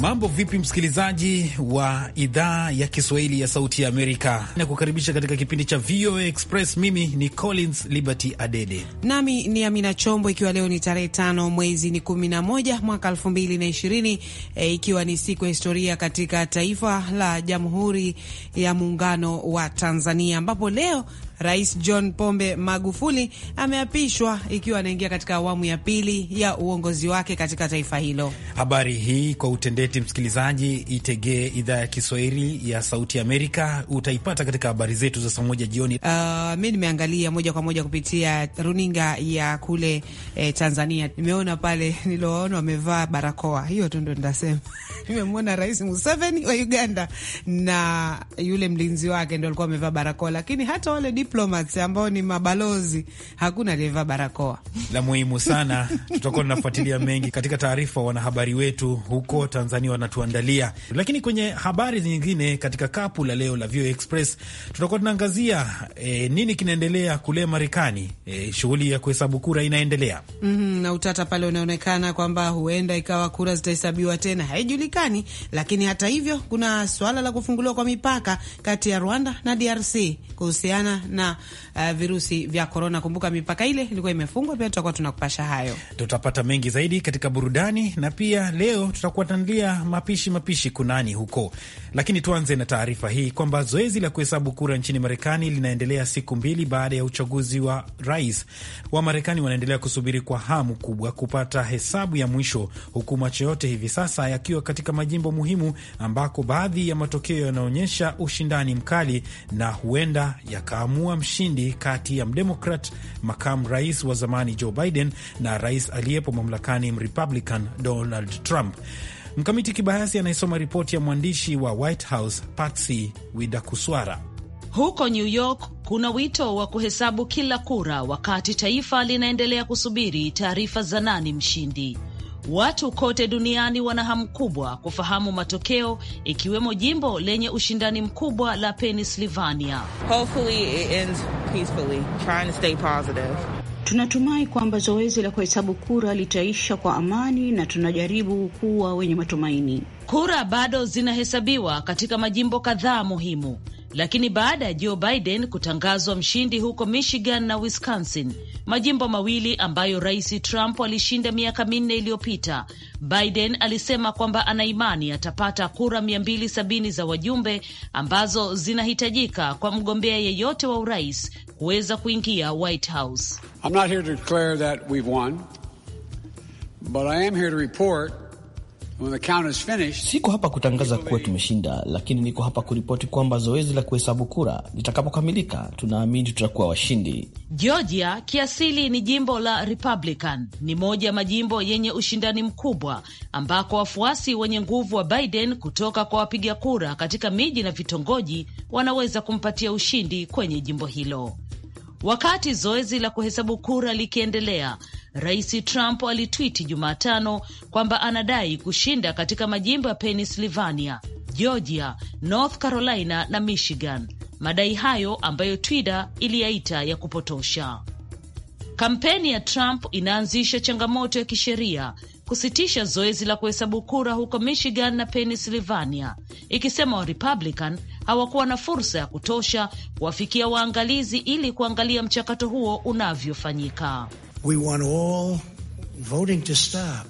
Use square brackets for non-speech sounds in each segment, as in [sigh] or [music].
Mambo vipi, msikilizaji wa idhaa ya Kiswahili ya Sauti ya Amerika, na kukaribisha katika kipindi cha VOA Express. Mimi ni Collins Liberty Adede nami ni Amina Chombo, ikiwa leo ni tarehe tano mwezi ni kumi na moja mwaka elfu mbili na ishirini e, ikiwa ni siku ya historia katika taifa la Jamhuri ya Muungano wa Tanzania, ambapo leo Rais John Pombe Magufuli ameapishwa ikiwa anaingia katika awamu ya pili ya uongozi wake katika taifa hilo. Habari hii kwa utendeti, msikilizaji, itegee idhaa ya Kiswahili ya Sauti Amerika, utaipata katika habari zetu za saa moja jioni. Uh, mi nimeangalia moja kwa moja kupitia runinga ya kule eh, Tanzania. Nimeona pale [laughs] nilowaona wamevaa barakoa, hiyo tu ndo nitasema. [laughs] Nimemwona Rais Museveni wa Uganda na yule mlinzi wake ndo alikuwa amevaa barakoa, lakini hata wale diplomats ambao ni mabalozi, hakuna aliyevaa barakoa. La muhimu sana, tutakuwa tunafuatilia mengi katika taarifa wanahabari wetu huko Tanzania wanatuandalia. Lakini kwenye habari nyingine, katika kapu la leo la VOA Express tutakuwa tunaangazia e, nini kinaendelea kule Marekani. E, shughuli ya kuhesabu kura inaendelea mm -hmm, na utata pale unaonekana kwamba huenda ikawa kura zitahesabiwa tena, haijulikani. Lakini hata hivyo, kuna swala la kufunguliwa kwa mipaka kati ya Rwanda na DRC kuhusiana na uh, virusi vya korona. Kumbuka mipaka ile ilikuwa imefungwa, pia tutakuwa tunakupasha hayo. Tutapata mengi zaidi katika burudani, na pia leo tutakuwa tunaandalia mapishi mapishi kunani huko, lakini tuanze na taarifa hii kwamba zoezi la kuhesabu kura nchini Marekani linaendelea siku mbili baada ya uchaguzi wa rais wa Marekani. Wanaendelea kusubiri kwa hamu kubwa kupata hesabu ya mwisho, huku macho yote hivi sasa yakiwa katika majimbo muhimu ambako baadhi ya matokeo yanaonyesha ushindani mkali na huenda yakaamua kumwamua mshindi kati ya mdemokrat makamu rais wa zamani Joe Biden na rais aliyepo mamlakani mrepublican Donald Trump. Mkamiti Kibayasi anayesoma ripoti ya mwandishi wa White House Patsy Widakuswara. Huko New York kuna wito wa kuhesabu kila kura wakati taifa linaendelea kusubiri taarifa za nani mshindi. Watu kote duniani wana hamu kubwa kufahamu matokeo, ikiwemo jimbo lenye ushindani mkubwa la Pennsylvania. Tunatumai kwamba zoezi la kuhesabu kura litaisha kwa amani na tunajaribu kuwa wenye matumaini. Kura bado zinahesabiwa katika majimbo kadhaa muhimu lakini baada ya Joe Biden kutangazwa mshindi huko Michigan na Wisconsin, majimbo mawili ambayo Rais Trump alishinda miaka minne iliyopita, Biden alisema kwamba ana imani atapata kura 270 za wajumbe ambazo zinahitajika kwa mgombea yeyote wa urais kuweza kuingia White House. I'm not here to declare that we've won, but I am here to report siko hapa kutangaza kuwa tumeshinda, lakini niko hapa kuripoti kwamba zoezi la kuhesabu kura litakapokamilika, tunaamini tutakuwa washindi. Georgia kiasili ni jimbo la Republican, ni moja ya majimbo yenye ushindani mkubwa ambako wafuasi wenye nguvu wa Biden kutoka kwa wapiga kura katika miji na vitongoji wanaweza kumpatia ushindi kwenye jimbo hilo. Wakati zoezi la kuhesabu kura likiendelea, Rais Trump alitwiti Jumatano kwamba anadai kushinda katika majimbo ya Pennsylvania, Georgia, North Carolina na Michigan, madai hayo ambayo Twitter iliyaita ya kupotosha. Kampeni ya Trump inaanzisha changamoto ya kisheria kusitisha zoezi la kuhesabu kura huko Michigan na Pennsylvania, ikisema Warepublican hawakuwa na fursa ya kutosha kuwafikia waangalizi ili kuangalia mchakato huo unavyofanyika. We want all voting to stop.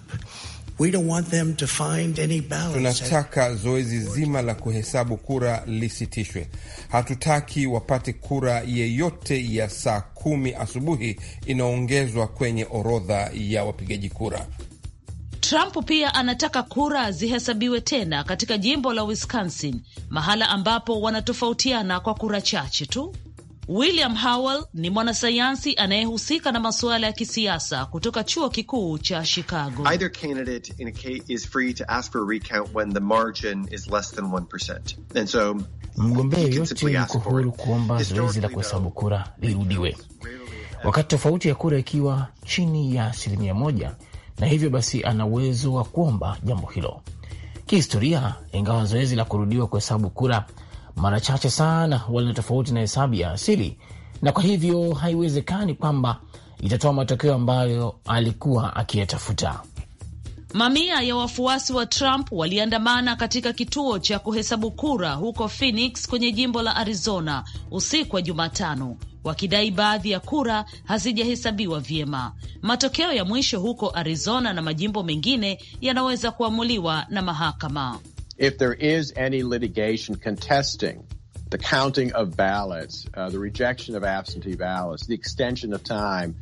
We don't want them to find any balance. Tunataka zoezi zima la kuhesabu kura lisitishwe. Hatutaki wapate kura yeyote ya saa kumi asubuhi inaongezwa kwenye orodha ya wapigaji kura. Trump pia anataka kura zihesabiwe tena katika jimbo la Wisconsin, mahala ambapo wanatofautiana kwa kura chache tu. William Howell ni mwanasayansi anayehusika na masuala ya kisiasa kutoka chuo kikuu cha Chicago. So, mgombea yoyote yuko huru kuomba zoezi la kuhesabu kura lirudiwe wakati tofauti ya kura ikiwa chini ya asilimia moja na hivyo basi ana uwezo wa kuomba jambo hilo kihistoria. Ingawa zoezi la kurudiwa kuhesabu kura mara chache sana walina tofauti na hesabu ya asili, na kwa hivyo haiwezekani kwamba itatoa matokeo ambayo alikuwa akiyatafuta. Mamia ya wafuasi wa Trump waliandamana katika kituo cha kuhesabu kura huko Phoenix kwenye jimbo la Arizona usiku wa Jumatano wakidai baadhi ya kura hazijahesabiwa vyema. Matokeo ya mwisho huko Arizona na majimbo mengine yanaweza kuamuliwa na mahakama. If there is any litigation contesting the counting of ballots, uh, the rejection of absentee ballots, the extension of time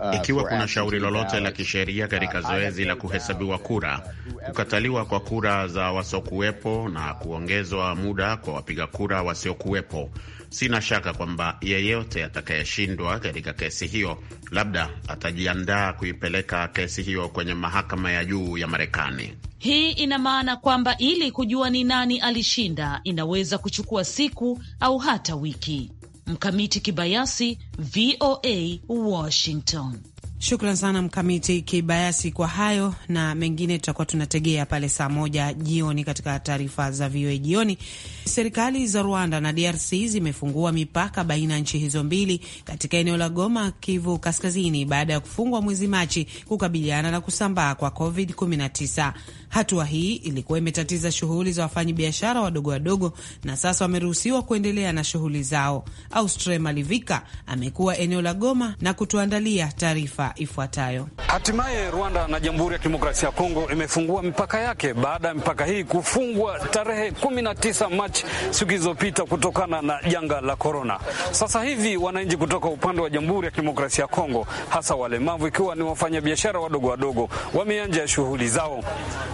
uh, ikiwa kuna shauri lolote la kisheria katika uh, zoezi la kuhesabiwa uh, kura, kukataliwa kwa kura za wasiokuwepo na kuongezwa muda kwa wapiga kura wasiokuwepo, Sina shaka kwamba yeyote atakayeshindwa katika kesi hiyo labda atajiandaa kuipeleka kesi hiyo kwenye mahakama ya juu ya Marekani. Hii ina maana kwamba ili kujua ni nani alishinda inaweza kuchukua siku au hata wiki. Mkamiti Kibayasi, VOA, Washington. Shukran sana Mkamiti Kibayasi kwa hayo na mengine, tutakuwa tunategea pale saa moja jioni katika taarifa za VOA jioni. Serikali za Rwanda na DRC zimefungua mipaka baina ya nchi hizo mbili katika eneo la Goma, Kivu Kaskazini, baada ya kufungwa mwezi Machi kukabiliana na kusambaa kwa COVID-19. Hatua hii ilikuwa imetatiza shughuli za wafanyabiashara wadogo wadogo, na sasa wameruhusiwa kuendelea na shughuli zao. Austre Malivika amekuwa eneo la Goma na kutuandalia taarifa ifuatayo. Hatimaye Rwanda na Jamhuri ya Kidemokrasia ya Kongo imefungua mipaka yake baada ya mipaka hii kufungwa tarehe 19 Machi siku zilizopita kutokana na janga la korona. Sasa hivi wananchi kutoka upande wa Jamhuri ya Kidemokrasia ya Kongo, hasa walemavu, ikiwa ni wafanyabiashara wadogo wadogo, wameanja shughuli zao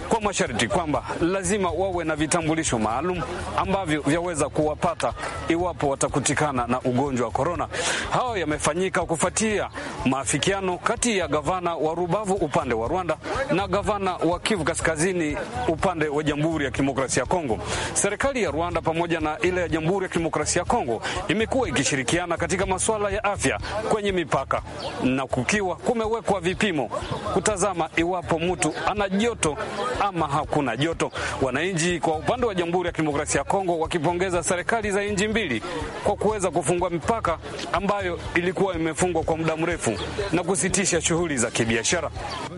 kwa masharti kwamba lazima wawe na vitambulisho maalum ambavyo vyaweza kuwapata iwapo watakutikana na ugonjwa wa korona. Hayo yamefanyika kufuatia maafikiano kati ya gavana wa Rubavu upande wa Rwanda na gavana wa Kivu Kaskazini upande wa Jamhuri ya Kidemokrasia ya Kongo. Serikali ya Rwanda pamoja na ile ya Jamhuri ya Kidemokrasia ya Kongo imekuwa ikishirikiana katika masuala ya afya kwenye mipaka na kukiwa kumewekwa vipimo kutazama iwapo mtu ana joto ama hakuna joto. Wananchi kwa upande wa Jamhuri ya Kidemokrasia ya Kongo wakipongeza serikali za nchi mbili kwa kuweza kufungua mipaka ambayo ilikuwa imefungwa kwa muda mrefu na kusiti kusitisha shughuli za kibiashara.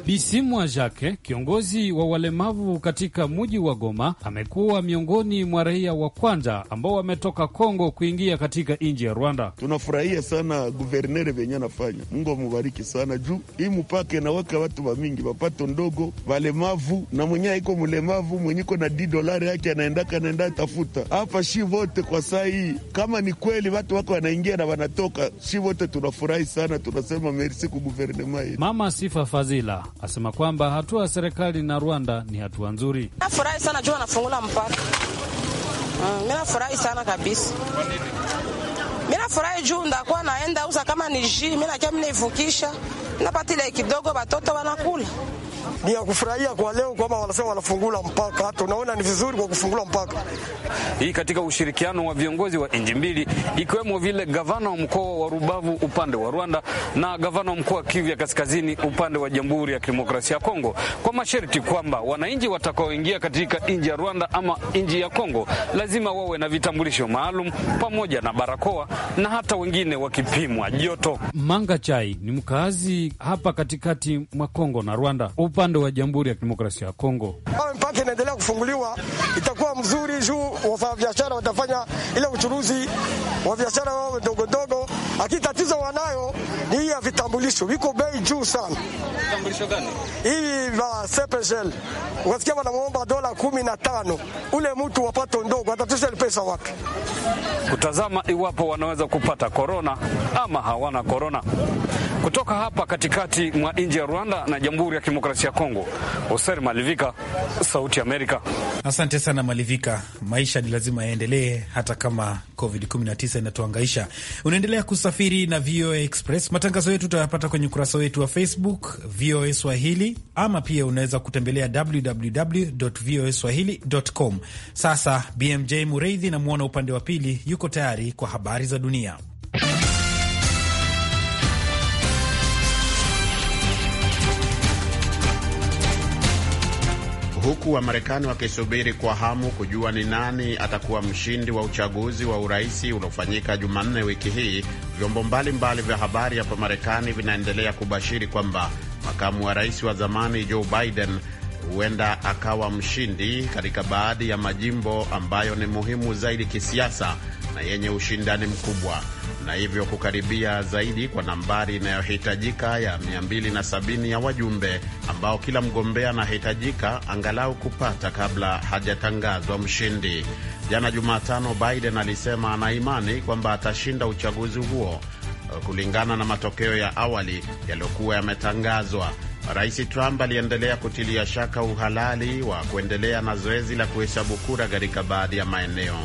Bisimwa Jacke, kiongozi wa walemavu katika mji wa Goma, amekuwa miongoni mwa raia wa kwanza ambao wametoka Kongo kuingia katika nchi ya Rwanda. Tunafurahia sana guvernere venye anafanya, Mungu amubariki sana juu hii mupaka inaweka watu wamingi wapato ndogo, walemavu na mwenye iko mlemavu mwenye iko na di dolari yake anaendaka anaenda tafuta hapa shi vote kwa saa hii. Kama ni kweli watu wako wanaingia na wanatoka, shi vote tunafurahi sana, tunasema merci ku Mama Sifa Fazila asema kwamba hatua ya serikali na Rwanda ni hatua nzuri. Nafurahi sana juu mpaka. Mm, ah, mi nafurahi sana kabisa. Mina nafurahi juu ndakuwa naenda uza kama ni ji, mina nakia minaivukisha, napata ile kidogo watoto wanakula. Ni ya kufurahia kwa leo kwamba wanasema wanafungula mpaka, tunaona ni vizuri kwa kufungula mpaka hii katika ushirikiano wa viongozi wa nchi mbili ikiwemo vile gavana wa mkoa wa Rubavu upande wa Rwanda na gavana wa mkoa wa Kivu ya Kaskazini upande wa Jamhuri ya Kidemokrasia ya Kongo, kwa masharti kwamba wananchi watakaoingia katika nchi ya Rwanda ama nchi ya Kongo lazima wawe na vitambulisho maalum pamoja na barakoa na hata wengine wakipimwa joto. Manga Chai ni mkazi hapa katikati mwa Kongo na Rwanda, upande wa Jamhuri ya Kidemokrasia ya Kongo. Mpaka inaendelea kufunguliwa itakuwa mzuri juu wafanyabiashara watafanya ile uchuruzi wa biashara wao ndogondogo, lakini tatizo wanayo ni hii ya vitambulisho, viko bei juu sana. Vitambulisho gani? Hii va sepegel, ukasikia wanamwomba dola kumi na tano ule mtu wapato ndogo atatusha pesa wapi? Kutazama iwapo wana wanaweza kupata korona ama hawana korona. Kutoka hapa katikati mwa nchi ya Rwanda na Jamhuri ya Kidemokrasia ya Kongo, Hoser Malivika, Sauti Amerika. Asante sana Malivika. Maisha ni lazima yaendelee hata kama COVID-19 inatuangaisha. Unaendelea kusafiri na VOA Express. Matangazo yetu utayapata kwenye ukurasa wetu wa Facebook VOA Swahili, ama pia unaweza kutembelea www www.voaswahili.com. Sasa BMJ Mureithi namwona upande wa pili, yuko tayari kwa habari za dunia. huku Wamarekani wakisubiri kwa hamu kujua ni nani atakuwa mshindi wa uchaguzi wa uraisi uliofanyika Jumanne wiki hii. Vyombo mbalimbali vya habari hapa Marekani vinaendelea kubashiri kwamba makamu wa rais wa zamani Joe Biden huenda akawa mshindi katika baadhi ya majimbo ambayo ni muhimu zaidi kisiasa na yenye ushindani mkubwa na hivyo kukaribia zaidi kwa nambari inayohitajika ya 270 ya wajumbe ambao kila mgombea anahitajika angalau kupata kabla hajatangazwa mshindi. Jana Jumatano, Biden alisema ana imani kwamba atashinda uchaguzi huo kulingana na matokeo ya awali yaliyokuwa yametangazwa. Rais Trump aliendelea kutilia shaka uhalali wa kuendelea na zoezi la kuhesabu kura katika baadhi ya maeneo.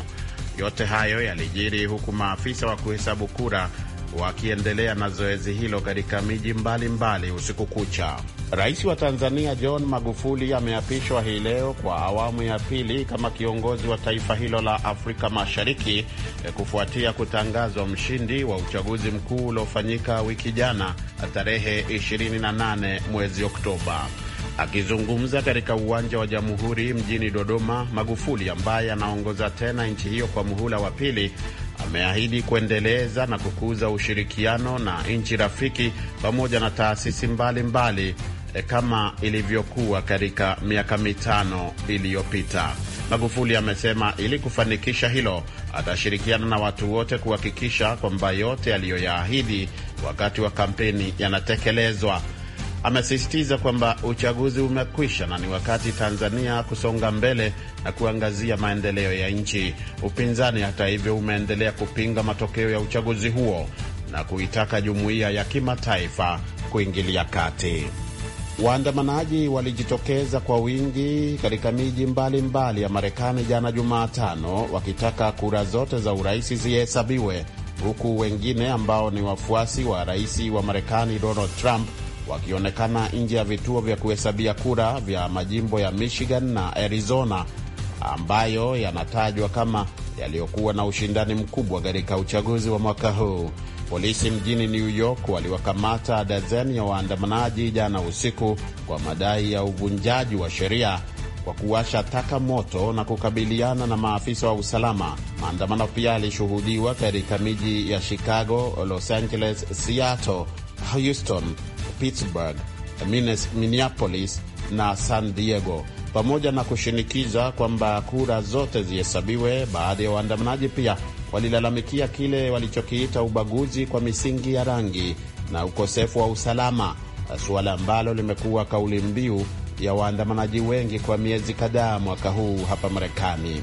Yote hayo yalijiri huku maafisa wa kuhesabu kura wakiendelea na zoezi hilo katika miji mbalimbali usiku kucha. Rais wa Tanzania John Magufuli ameapishwa hii leo kwa awamu ya pili kama kiongozi wa taifa hilo la Afrika Mashariki eh, kufuatia kutangazwa mshindi wa uchaguzi mkuu uliofanyika wiki jana tarehe 28 mwezi Oktoba. Akizungumza katika uwanja wa Jamhuri mjini Dodoma, Magufuli ambaye anaongoza tena nchi hiyo kwa muhula wa pili ameahidi kuendeleza na kukuza ushirikiano na nchi rafiki pamoja na taasisi mbalimbali mbali, eh, kama ilivyokuwa katika miaka mitano iliyopita. Magufuli amesema ili kufanikisha hilo atashirikiana na watu wote kuhakikisha kwamba yote aliyoyaahidi wakati wa kampeni yanatekelezwa amesisitiza kwamba uchaguzi umekwisha na ni wakati Tanzania kusonga mbele na kuangazia maendeleo ya nchi. Upinzani hata hivyo umeendelea kupinga matokeo ya uchaguzi huo na kuitaka jumuiya ya kimataifa kuingilia kati. Waandamanaji walijitokeza kwa wingi katika miji mbalimbali ya Marekani jana Jumatano, wakitaka kura zote za urais zihesabiwe, huku wengine ambao ni wafuasi wa rais wa Marekani Donald Trump wakionekana nje ya vituo vya kuhesabia kura vya majimbo ya Michigan na Arizona ambayo yanatajwa kama yaliyokuwa na ushindani mkubwa katika uchaguzi wa mwaka huu. Polisi mjini New York waliwakamata dazeni ya waandamanaji jana usiku kwa madai ya uvunjaji wa sheria kwa kuwasha taka moto na kukabiliana na maafisa wa usalama. Maandamano pia yalishuhudiwa katika miji ya Chicago, Los Angeles, Seattle, Houston Pittsburgh, Minneapolis na San Diego, pamoja na kushinikiza kwamba kura zote zihesabiwe. Baadhi ya waandamanaji pia walilalamikia kile walichokiita ubaguzi kwa misingi ya rangi na ukosefu wa usalama, suala ambalo limekuwa kauli mbiu ya waandamanaji wengi kwa miezi kadhaa mwaka huu hapa Marekani.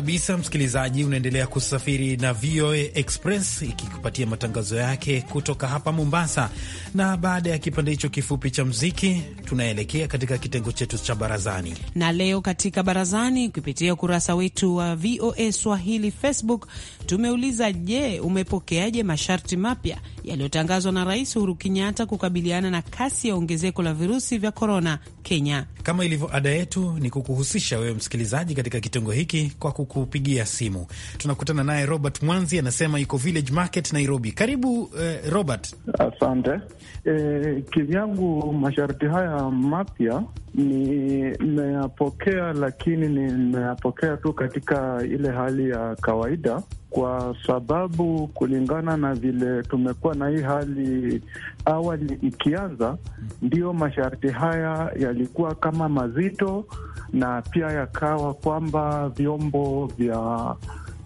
kabisa msikilizaji, unaendelea kusafiri na VOA Express iki kukupatia matangazo yake kutoka hapa Mombasa. Na baada ya kipande hicho kifupi cha mziki, tunaelekea katika kitengo chetu cha barazani. Na leo katika barazani, kupitia ukurasa wetu wa VOA Swahili Facebook, tumeuliza je, umepokeaje masharti mapya yaliyotangazwa na Rais Uhuru Kenyatta kukabiliana na kasi ya ongezeko la virusi vya korona Kenya? Kama ilivyo ada yetu, ni kukuhusisha wewe msikilizaji katika kitengo hiki kwa kukupigia simu. Tunakutana naye Robert Mwanzi, anasema yuko Village Market Nairobi. Karibu eh, Robert. Asante eh, kivyangu masharti haya mapya nimeyapokea, lakini nimeyapokea tu katika ile hali ya kawaida, kwa sababu kulingana na vile tumekuwa na hii hali awali ikianza, ndiyo masharti haya yalikuwa kama mazito, na pia yakawa kwamba vyombo vya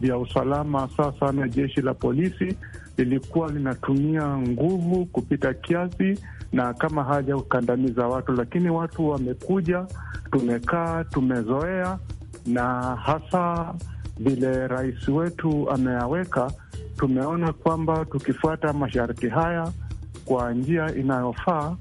vya usalama, sasa na jeshi la polisi lilikuwa linatumia nguvu kupita kiasi na kama haja kukandamiza watu, lakini watu wamekuja, tumekaa, tumezoea, na hasa vile rais wetu ameyaweka, tumeona kwamba tukifuata masharti haya kwa njia inayofaa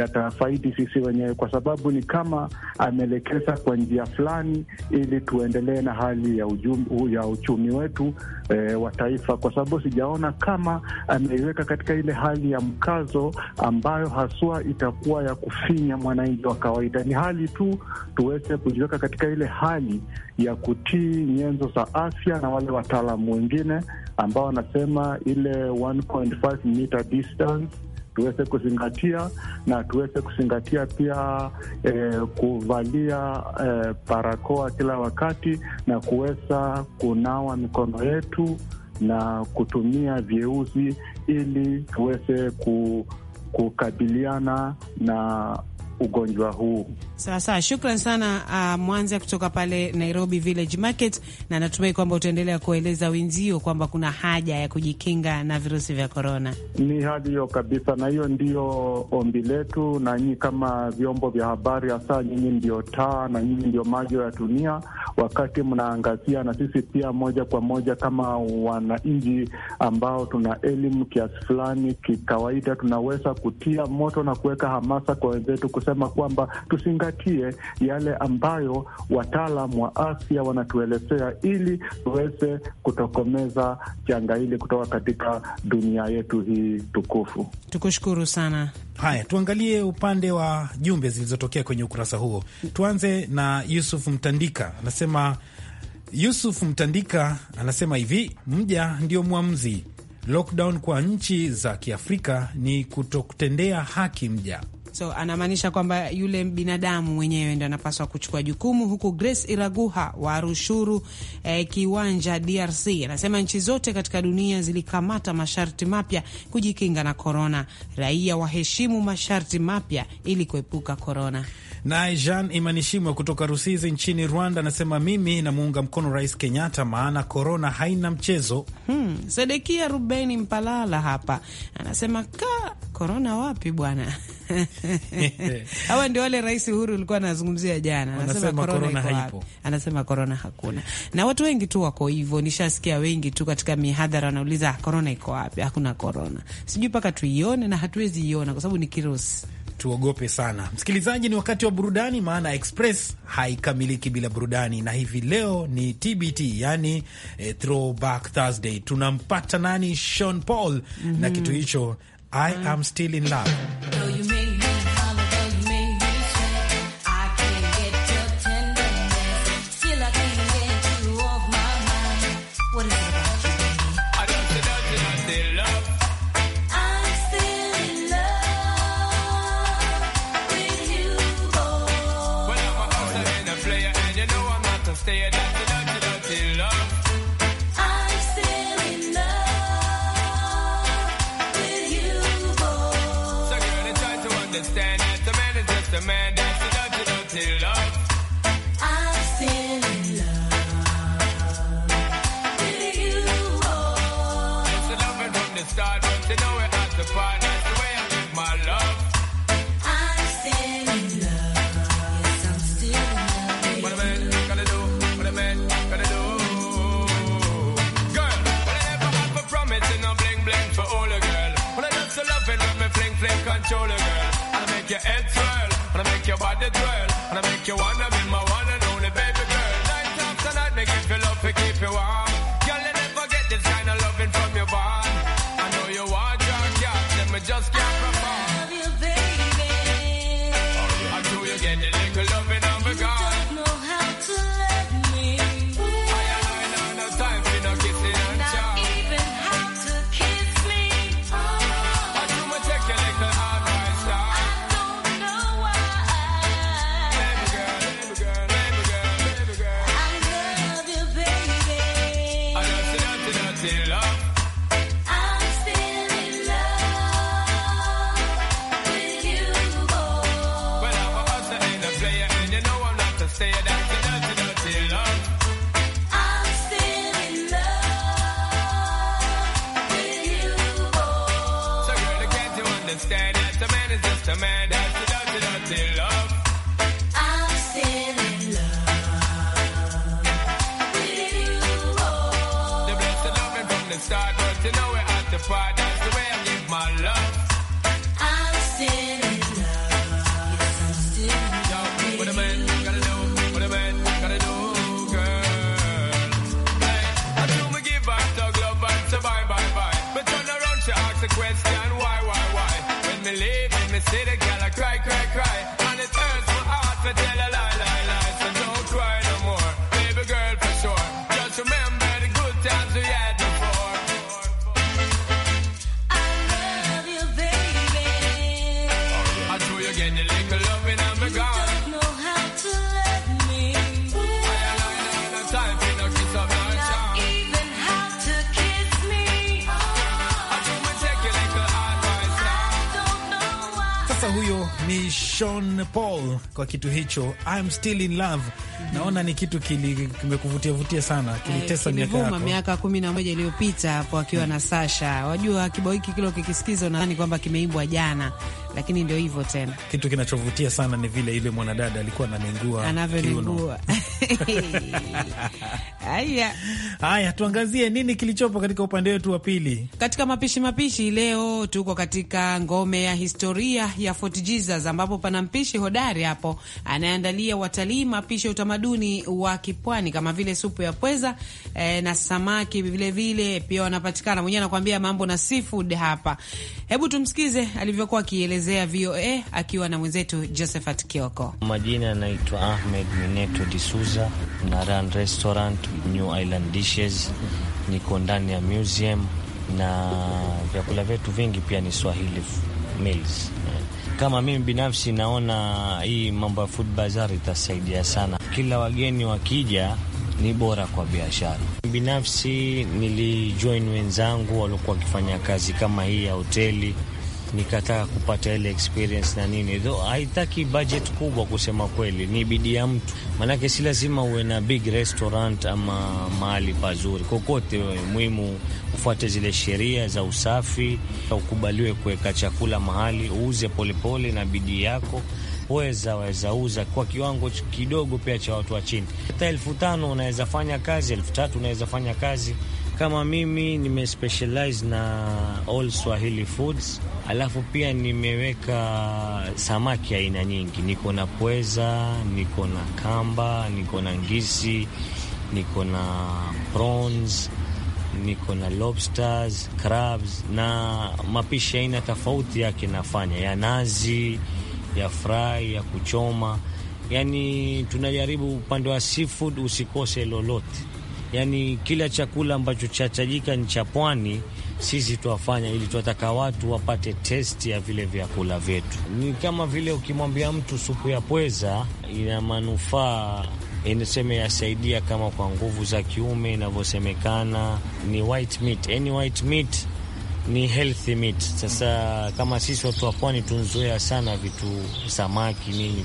yatafaidi sisi wenyewe, kwa sababu ni kama ameelekeza kwa njia fulani, ili tuendelee na hali ya, ujum, ya uchumi wetu e, wa taifa, kwa sababu sijaona kama ameiweka katika ile hali ya mkazo ambayo haswa itakuwa ya kufinya mwananchi wa kawaida. Ni hali tu tuweze kujiweka katika ile hali ya kutii nyenzo za afya na wale wataalamu wengine ambao wanasema ile 1.5 meter distance tuweze kuzingatia na tuweze kuzingatia pia eh, kuvalia eh, barakoa kila wakati na kuweza kunawa mikono yetu na kutumia vyeuzi ili tuweze ku, kukabiliana na ugonjwa huu. Sawa sawa, shukran sana uh, Mwanza kutoka pale Nairobi Village Market, na natumai kwamba utaendelea kueleza wenzio kwamba kuna haja ya kujikinga na virusi vya korona. Ni hali hiyo kabisa, na hiyo ndiyo ombi letu, na nyinyi kama vyombo vya habari, hasa nyinyi ndio taa na nyinyi ndio macho ya dunia, wakati mnaangazia, na sisi pia moja kwa moja kama wananchi ambao tuna elimu kiasi fulani kikawaida, tunaweza kutia moto na kuweka hamasa kwa wenzetu kusema kwamba tuzingatie yale ambayo wataalam wa afya wanatuelezea ili tuweze kutokomeza janga hili kutoka katika dunia yetu hii tukufu. Tukushukuru sana. Haya, tuangalie upande wa jumbe zilizotokea kwenye ukurasa huo. Tuanze na Yusuf Mtandika, anasema Yusuf Mtandika anasema hivi, mja ndio mwamuzi. Lockdown kwa nchi za Kiafrika ni kutokutendea haki mja. So anamaanisha kwamba yule binadamu mwenyewe ndo anapaswa kuchukua jukumu, huku Grace Iraguha wa Rushuru eh, Kiwanja, DRC anasema nchi zote katika dunia zilikamata masharti mapya kujikinga na korona. Raia waheshimu masharti mapya ili kuepuka korona. Naye Jean Imanishimwe kutoka Rusizi nchini Rwanda anasema mimi namuunga mkono Rais Kenyatta, maana korona haina mchezo. Hmm, Sedekia Rubeni Mpalala hapa anasema ka korona wapi bwana? [laughs] hawa ndio wale Rais Uhuru ulikuwa anazungumzia jana, anasema korona haipo, anasema korona hakuna, na watu wengi tu wako hivyo. Nishasikia wengi tu katika mihadhara wanauliza korona iko wapi? Hakuna korona, sijui mpaka tuione, na hatuwezi iona kwa sababu ni kirusi tuogope sana. Msikilizaji, ni wakati wa burudani, maana Express haikamiliki bila burudani, na hivi leo ni TBT, yani eh, Throwback Thursday. Tunampata nani? Sean Paul mm -hmm. na mhm. kitu hicho I am still in love fling, fling, control your girl. And I make your head twirl, and I make your body twirl, and I make you wanna be my one and only baby girl. Night after night, make you feel love to keep you warm. request. Sean Paul kwa kitu hicho I'm still in love. Mm -hmm. Naona ni kitu kimekuvutia vutia sana, kilitesa eh, miaka yako. Miaka moja iliyopita hapo akiwa na Sasha. Wajua kibao hiki kilo kikisikiza, nadhani kwamba kimeimbwa jana lakini ndio hivyo tena. Kitu kinachovutia sana ni vile ile mwanadada alikuwa ananingua anavyoningua. [laughs] Haya haya, tuangazie nini kilichopo katika upande wetu wa pili katika mapishi mapishi. Leo tuko katika ngome ya historia ya Fort Jesus ambapo pana mpishi hodari hapo anayeandalia watalii mapishi ya utamaduni wa kipwani kama vile supu ya pweza eh, na samaki vilevile pia wanapatikana mwenyewe, anakuambia mambo na seafood hapa. Hebu tumsikize alivyokuwa akieleza kuelezea VOA akiwa na mwenzetu Josephat Kioko. Majina yanaitwa Ahmed Mineto Disuza na run restaurant New Island Dishes, niko ndani ya museum na vyakula vyetu vingi pia ni Swahili meals. Kama mimi binafsi naona hii mambo ya food bazaar itasaidia sana, kila wageni wakija ni bora kwa biashara. Binafsi nilijoin wenzangu waliokuwa wakifanya kazi kama hii ya hoteli nikataka kupata ile experience na nini, tho, haitaki budget kubwa. Kusema kweli, ni bidii ya mtu, maanake si lazima uwe na big restaurant ama mahali pazuri kokote. Muhimu ufuate zile sheria za usafi, ukubaliwe kuweka chakula mahali, uuze polepole na bidii yako weza weza uza kwa kiwango kidogo pia cha watu wa chini. Hata elfu tano unaweza fanya kazi, elfu tatu unaweza fanya kazi kama mimi nime specialize na all Swahili foods, alafu pia nimeweka samaki aina nyingi. Niko na pweza, niko na kamba, niko na ngisi, niko na prawns niko na lobsters, crabs na mapishi aina tofauti yake nafanya ya nazi, ya fry, ya kuchoma. Yani tunajaribu upande wa seafood, usikose lolote yani kila chakula ambacho chachajika ni cha pwani, sisi tuwafanya, ili tuwataka watu wapate testi ya vile vyakula vyetu. Ni kama vile ukimwambia mtu supu ya pweza ina manufaa inaseme yasaidia kama kwa nguvu za kiume inavyosemekana, ni white meat. Yani white meat ni healthy meat. Sasa kama sisi watu wa pwani tunzoea sana vitu samaki nini,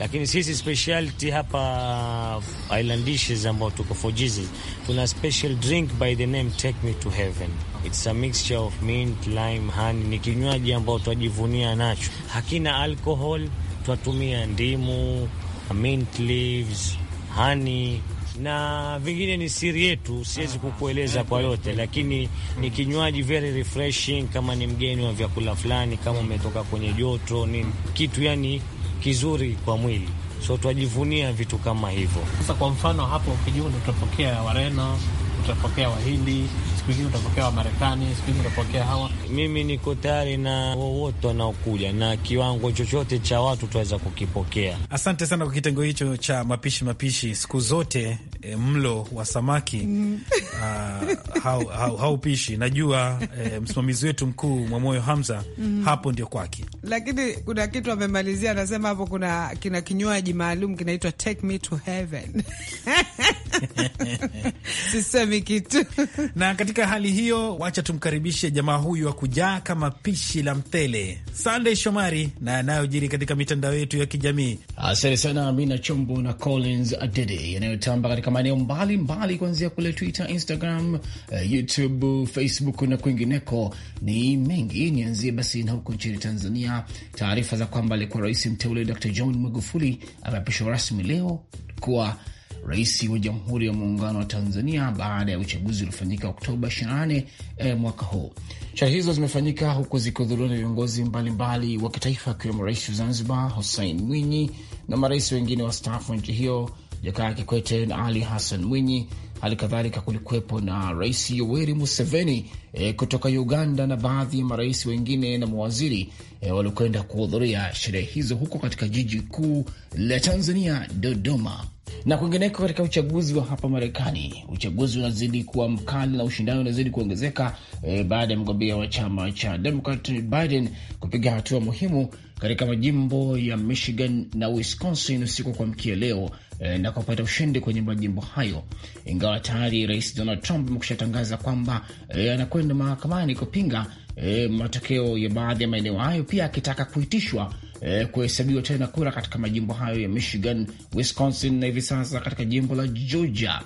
lakini sisi speciality hapa Island Dishes ambao tuko for Jesus, kuna special drink by the name Take Me to Heaven. It's a mixture of mint, lime, honey. Ni kinywaji ambao twajivunia nacho, hakina alcohol. Twatumia ndimu, mint leaves, honey na vingine ni siri yetu, siwezi kukueleza kwa yote, lakini ni kinywaji very refreshing. Kama ni mgeni wa vyakula fulani, kama umetoka kwenye joto, ni kitu yani kizuri kwa mwili. So twajivunia vitu kama hivyo. Sasa kwa mfano hapo ukijuni, utapokea Wareno, utapokea Wahindi, siku ingine utapokea Wamarekani, siku ingine utapokea hawa. Mimi niko tayari na wowote wanaokuja na kiwango chochote cha watu tunaweza kukipokea. Asante sana kwa kitengo hicho cha mapishi mapishi. Siku zote e, mlo wa samaki mm. haupishi ah, hau, hau najua e, msimamizi wetu mkuu Mwamoyo Hamza mm. hapo ndio kwake, lakini kuna kitu amemalizia, anasema hapo kuna kina kinywaji maalum kinaitwa take me to heaven [laughs] [laughs] sisemi kitu [laughs] na katika hali hiyo, wacha tumkaribishe jamaa huyu wa kujaa kama pishi la mtele, sandey Shomari na yanayojiri katika mitandao yetu ya kijamii. Asante sana Amina Chombo na Collins Adede, yanayotamba katika maeneo mbalimbali kuanzia kule Twitter, Instagram, eh, YouTube, Facebook na kwingineko ni mengi. Nianzie basi na huko nchini Tanzania, taarifa za kwamba alikuwa rais mteule Dr John Magufuli ameapishwa rasmi leo kuwa rais wa Jamhuri ya Muungano wa Tanzania baada ya uchaguzi uliofanyika Oktoba 28 eh, mwaka huu. Sherehe hizo zimefanyika huku zikihudhuriwa na viongozi mbalimbali wa kitaifa akiwemo rais wa Zanzibar Hussein Mwinyi na marais wengine wastaafu wa nchi hiyo Jakaya Kikwete na Ali Hassan Mwinyi. Hali kadhalika kulikuwepo na rais Yoweri Museveni e, kutoka Uganda na baadhi ya marais wengine na mawaziri e, eh, waliokwenda kuhudhuria sherehe hizo huko katika jiji kuu la Tanzania, Dodoma. Na kwingineko katika uchaguzi wa hapa Marekani, uchaguzi unazidi kuwa mkali na ushindani unazidi kuongezeka e, baada ya mgombea wa chama cha Demokrat Biden kupiga hatua muhimu katika majimbo ya Michigan na Wisconsin usiku kwa mkia leo e, na kupata ushindi kwenye majimbo hayo, ingawa tayari Rais Donald Trump amekusha tangaza kwamba e, anakwenda mahakamani kupinga e, matokeo ya baadhi ya maeneo hayo, pia akitaka kuitishwa eh, kuhesabiwa tena kura katika majimbo hayo ya Michigan, Wisconsin na hivi sasa katika jimbo la Georgia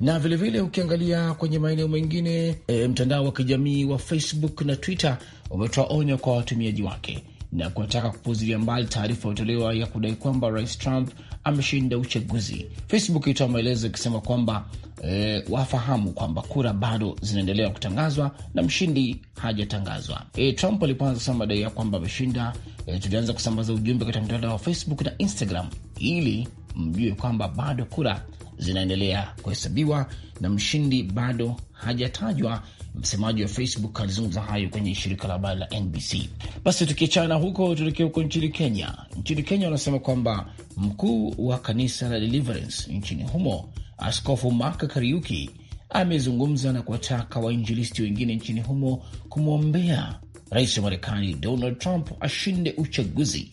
na vilevile vile ukiangalia kwenye maeneo mengine e, mtandao wa kijamii wa Facebook na Twitter umetoa onyo kwa watumiaji wake na kuwataka kupuzilia mbali taarifa iliyotolewa ya kudai kwamba rais Trump ameshinda uchaguzi. Facebook ilitoa maelezo ikisema kwamba e, wafahamu kwamba kura bado zinaendelea kutangazwa na mshindi hajatangazwa. E, Trump alipoanza kusema madai ya kwamba ameshinda, e, tulianza kusambaza ujumbe katika mtandao wa Facebook na Instagram ili mjue kwamba bado kura zinaendelea kuhesabiwa na mshindi bado hajatajwa. Msemaji wa Facebook alizungumza hayo kwenye shirika la habari la NBC. Basi tukiachana huko, tuelekee huko nchini Kenya. Nchini Kenya wanasema kwamba mkuu wa kanisa la Deliverance nchini humo Askofu Maka Kariuki amezungumza na kuwataka wainjilisti wengine nchini humo kumwombea rais wa Marekani Donald Trump ashinde uchaguzi.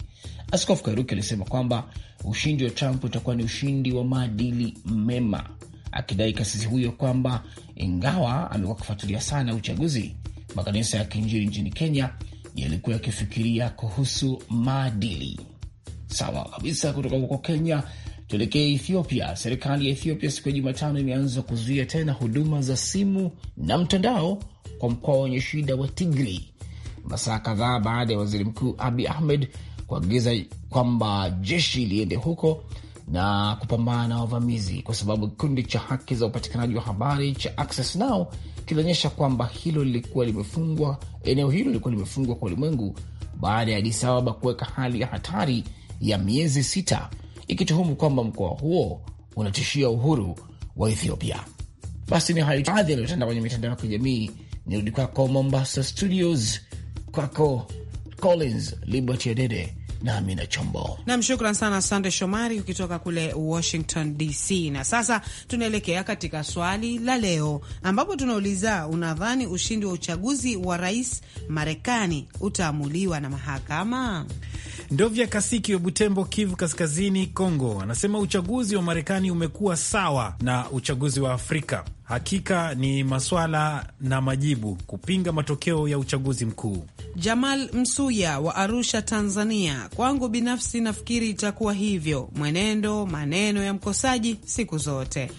Askofu Kariuki alisema kwamba ushindi wa Trump utakuwa ni ushindi wa maadili mema, akidai kasisi huyo kwamba ingawa amekuwa akifuatilia sana uchaguzi, makanisa ya Kiinjili nchini Kenya yalikuwa yakifikiria kuhusu maadili. Sawa kabisa. Kutoka huko Kenya tuelekee Ethiopia. Serikali ya Ethiopia siku ya Jumatano imeanza kuzuia tena huduma za simu na mtandao kwa mkoa wenye shida wa Tigri, masaa kadhaa baada ya waziri mkuu Abi Ahmed kuagiza kwamba jeshi liende huko na kupambana na wavamizi, kwa sababu kikundi cha haki za upatikanaji wa habari cha Access Now kilionyesha kwamba hilo lilikuwa limefungwa, eneo hilo lilikuwa limefungwa kwa ulimwengu baada ya Addis Ababa kuweka hali ya hatari ya miezi sita, ikituhumu kwamba mkoa huo unatishia uhuru wa Ethiopia. Basi ni hayo baadhi yaliyotanda kwenye mitandao ya kijamii. Nirudi kwako Mombasa Studios, kwako Collins Liberty Adede na Amina Chombo. Nam, shukran sana Sande Shomari ukitoka kule Washington DC. Na sasa tunaelekea katika swali la leo, ambapo tunauliza unadhani ushindi wa uchaguzi wa rais Marekani utaamuliwa na mahakama? Ndovya Kasiki wa Butembo, Kivu Kaskazini, Kongo, anasema uchaguzi wa Marekani umekuwa sawa na uchaguzi wa Afrika. Hakika ni maswala na majibu kupinga matokeo ya uchaguzi mkuu. Jamal Msuya wa Arusha, Tanzania, kwangu binafsi nafikiri itakuwa hivyo, mwenendo maneno ya mkosaji siku zote.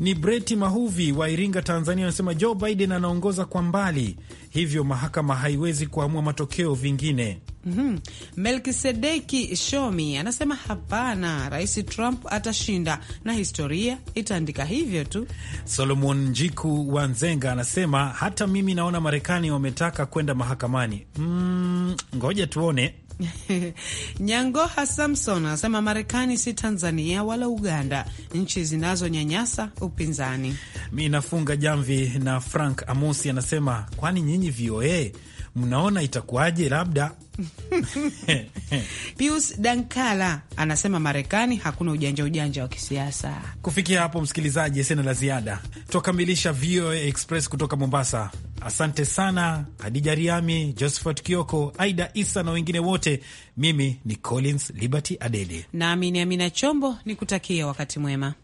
Ni Breti Mahuvi wa Iringa, Tanzania, anasema Joe Biden anaongoza kwa mbali, hivyo mahakama haiwezi kuamua matokeo vingine. Mm -hmm. Melkisedeki Shomi anasema hapana, Rais Trump atashinda na historia itaandika hivyo tu. Solomon Njiku wa Nzenga anasema hata mimi naona Marekani wametaka kwenda mahakamani. Mm, ngoja tuone. [laughs] Nyangoha Samson anasema Marekani si Tanzania wala Uganda, nchi zinazonyanyasa upinzani. Mi nafunga jamvi na Frank Amosi anasema kwani nyinyi VOA mnaona itakuwaje? Labda [laughs] Pius Dankala anasema Marekani hakuna ujanja ujanja wa kisiasa. Kufikia hapo, msikilizaji, sina la ziada, twakamilisha VOA Express kutoka Mombasa. Asante sana Hadija Riami, Josephat Kioko, Aida Isa na wengine wote. Mimi ni Collins Liberty Adede nami ni Amina Chombo, nikutakia wakati mwema.